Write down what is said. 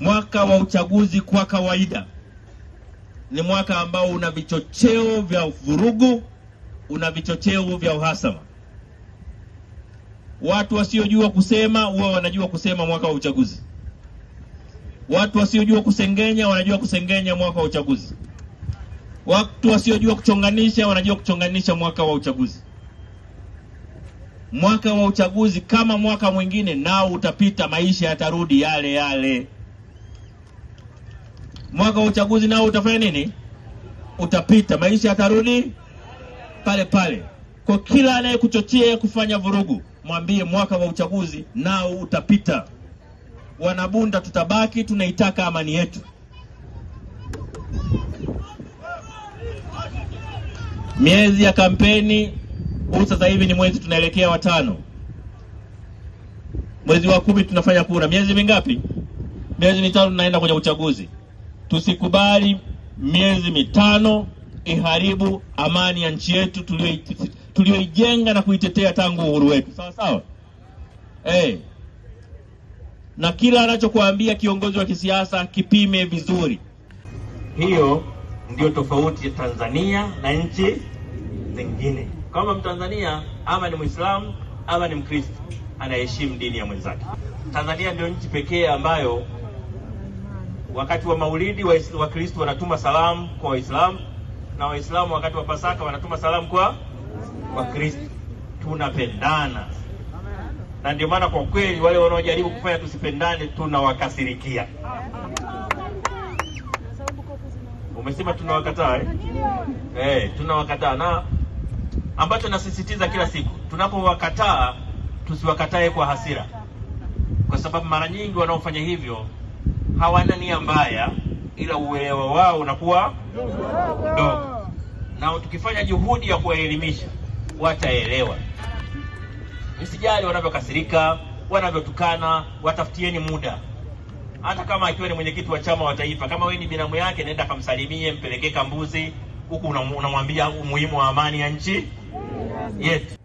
Mwaka wa uchaguzi kwa kawaida ni mwaka ambao una vichocheo vya vurugu, una vichocheo vya uhasama. Watu wasiojua kusema huwa wanajua kusema mwaka wa uchaguzi. Watu wasiojua kusengenya wanajua kusengenya mwaka wa uchaguzi. Watu wasiojua kuchonganisha wanajua kuchonganisha mwaka wa uchaguzi. Mwaka wa uchaguzi kama mwaka mwingine nao utapita, maisha yatarudi yale yale mwaka wa uchaguzi nao utafanya nini? Utapita, maisha yatarudi pale pale. Kwa kila anayekuchochea kufanya vurugu, mwambie mwaka wa uchaguzi nao utapita. Wanabunda tutabaki, tunaitaka amani yetu. Miezi ya kampeni huu sasa hivi ni mwezi tunaelekea watano, mwezi wa kumi tunafanya kura. Miezi mingapi? Miezi mitano tunaenda kwenye uchaguzi. Tusikubali miezi mitano iharibu amani ya nchi yetu tuliyoijenga na kuitetea tangu uhuru wetu, sawa sawa. Hey, eh. na kila anachokuambia kiongozi wa kisiasa kipime vizuri. Hiyo ndiyo tofauti ya Tanzania na nchi zingine. Kama Mtanzania ama ni Mwislamu ama ni Mkristo, anaheshimu dini ya mwenzake. Tanzania ndio nchi pekee ambayo Wakati wa Maulidi Wakristo wanatuma salamu kwa Waislamu na Waislamu wakati wa Pasaka wanatuma salamu kwa Wakristo. Tunapendana, na ndio maana kwa kweli wale wanaojaribu kufanya tusipendane tunawakasirikia. Umesema tunawakataa eh? hey, eh, tunawakataa na ambacho nasisitiza kila siku, tunapowakataa tusiwakatae kwa hasira, kwa sababu mara nyingi wanaofanya hivyo hawana nia mbaya, ila uelewa wao unakuwa dogo, na tukifanya juhudi ya kuwaelimisha wataelewa. Msijali wanavyokasirika, wanavyotukana, watafutieni muda hata kama akiwa ni mwenyekiti wa chama wa taifa, kama wewe ni binamu yake, nenda kamsalimie, mpelekee kambuzi huku, unamwambia umuhimu wa amani ya nchi yetu.